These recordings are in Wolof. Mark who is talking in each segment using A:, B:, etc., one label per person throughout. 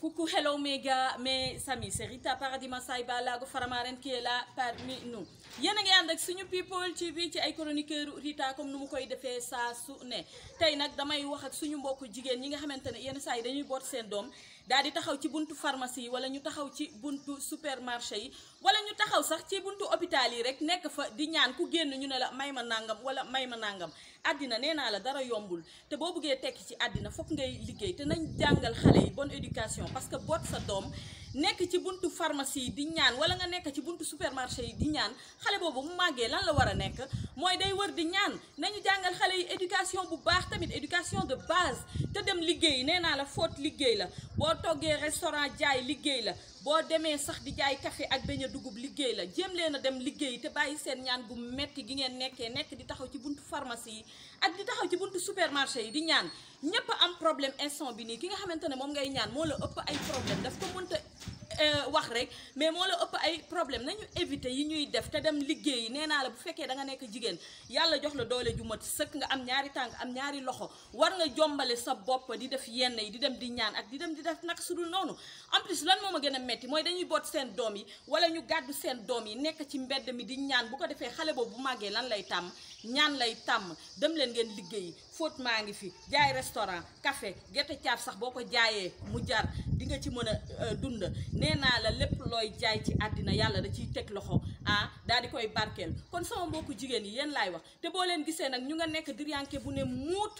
A: Coucou, hello mes gars, mes amis, c'est Rita Paradis Masai Balago Faramaren qui est là parmi nous. yéen a ngi ànd ak suñu people ci bi ci ay chroniqueur Rita comme nu mu koy defee saa su ne tey nag damay wax ak suñu mbokk jigéen ñi nga xamante ne yenn saa yi dañuy boot seen doom daal di taxaw ci buntu pharmacie yi wala ñu taxaw ci buntu supermarché yi wala ñu taxaw sax ci buntu hôpital yi rek nekk fa di ñaan ku génn ñu ne la may ma nàngam wala may ma nàngam àddina nee naa la dara yombul te boo bëggee tekki ci àddina foog ngay liggéey nañ jàngal xale yi parce que boot sa doom nekk ci buntu pharmacie yi di ñaan wala nga nekk ci buntu supermarché yi di ñaan xale boobu mu màggee lan la war a nekk mooy day wër di ñaan nañu jàngal xale yi éducation bu baax tamit éducation de base dem liggéey nee naa la fóot liggéey la boo toggee restaurant jaay liggéey la boo demee sax di jaay café ak beñ dugub liggéey la jéem leen a dem liggéey te bàyyi seen ñaan gu metti gi ngeen nekkee nekk di taxaw ci buntu pharmacie yi ak di taxaw ci buntu supermarché yi di ñaan ñépp am problème instant bi nii ki nga xamante ne moom ngay ñaan moo la ëpp ay problème daf ko mënta Euh, wax rek mais moo la ëpp ay problème nañu éviter yi ñuy def te dem liggéeyi nee naa la bu fekkee danga nekk jigéen yàlla jox la doole ju mat sëkk nga am ñaari tànk am ñaari loxo war nga jombale sa bopp di def yenn yi di dem di ñaan ak di dem di def nag su dul noonu en plus lan moo ma gën a metti mooy dañuy boot seen doom yi wala ñu gàddu seen doom yi nekk ci mbedd mi di ñaan bu ko defee xale boobu bu màggee lan lay tàmm ñaan lay tàmm dem leen ngeen liggéeyi fóot maa ngi fi jaay restaurant café gerte caaf sax boo ko jaayee mu jar di nga ci mën a euh, dund nee naa la lépp looy jaay ci àddina yàlla na ciy teg loxo ah daal di koy barkeel kon sama mbokku jigéen yi yéen laay wax te boo leen gisee nag ñu nga nekk diryanke bu ne muut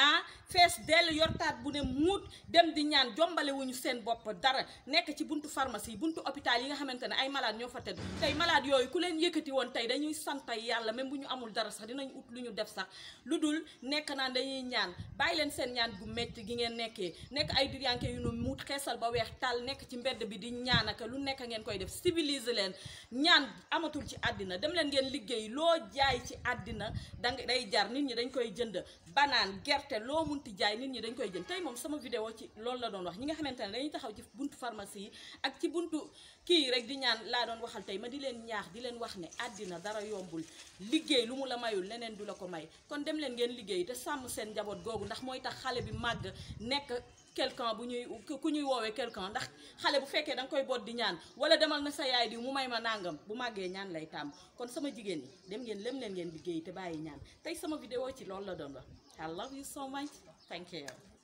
A: ah fees dell yortaat bu ne muut dem di ñaan jombalewuñu seen bopp dara nekk ci buntu pharmacie buntu hôpital yi nga xamante ne ay malaad ñoo fa tëdd tey malade yooyu ku leen yëkkati woon tey dañuy sant yàlla même bu ñu amul dara sax dinañ ut lu ñu def sax lu dul nekk naan dañuy ñaan bàyyi leen seen ñaan gu métti gi ngeen nekkee nekk ay diriyanke yu nu muut xeesal ba weex tàll nekk ci mbedd bi di ñaan lu nekk ngeen koy def civiliser leen ñaan amatul ci àddina dem leen ngeen liggéey loo jaay ci àddina danga day jar nit ñi dañ koy jënd banaan gert te loo munti jaay nit ñi dañ koy jënd tey moom sama vidéo ci loolu la doon wax ñi nga xamante ne dañuy taxaw ci buntu pharmacie yi ak ci buntu kii rek di ñaan laa doon waxal tey ma di leen ñaax di leen wax ne àddina dara yombul liggéey lu mu la mayul leneen du la ko may kon dem leen ngeen liggéey te sàmm seen njaboot googu ndax mooy tax xale bi màgg nekk quelqu'un bu ñuy ku ñuy woowee quelqu'un ndax xale bu fekkee da koy boot di ñaan wala demal na sa yaay di mu may ma nàngam bu màggee ñaan lay tàmm kon sama jigéen ñi dem ngeen lem leen ngeen liggéey te bàyyi ñaan tey sama vidéo ci loolu la doon wax I love you so thank you